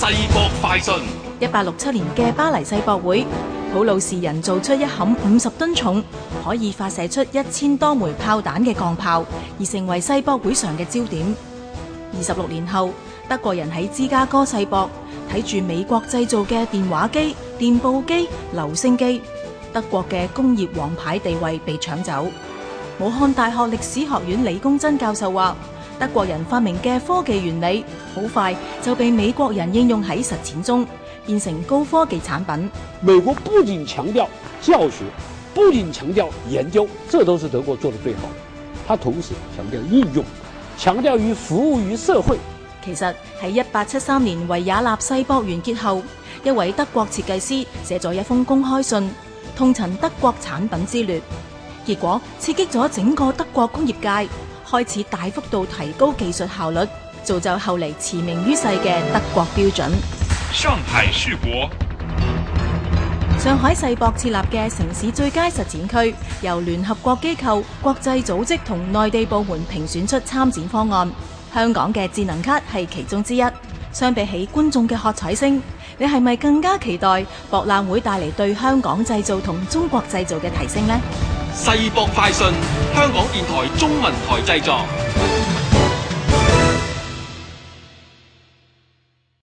世博快訊：一八六七年嘅巴黎世博會，普魯士人做出一冚五十噸重、可以發射出一千多枚炮彈嘅鋼炮，而成為世博會上嘅焦點。二十六年後，德國人喺芝加哥世博睇住美國製造嘅電話機、電報機、留聲機，德國嘅工業王牌地位被搶走。武漢大學歷史學院李工真教授話。德國人發明嘅科技原理，好快就被美國人應用喺實踐中，變成高科技產品。美國不僅強調教學，不僅強調研究，這都是德國做得最好。他同時強調應用，強調於服務於社會。其實喺一八七三年維也納世博完結後，一位德國設計師寫咗一封公開信，痛陳德國產品之劣，結果刺激咗整個德國工業界。開始大幅度提高技術效率，造就後嚟馳名於世嘅德國標準。上，國上海世博，上海世博設立嘅城市最佳實踐區，由聯合國機構、國際組織同內地部門評選出參展方案。香港嘅智能卡係其中之一。相比起觀眾嘅喝彩聲，你係咪更加期待博覽會帶嚟對香港製造同中國製造嘅提升呢？世博快訊，香港電台中文台製作。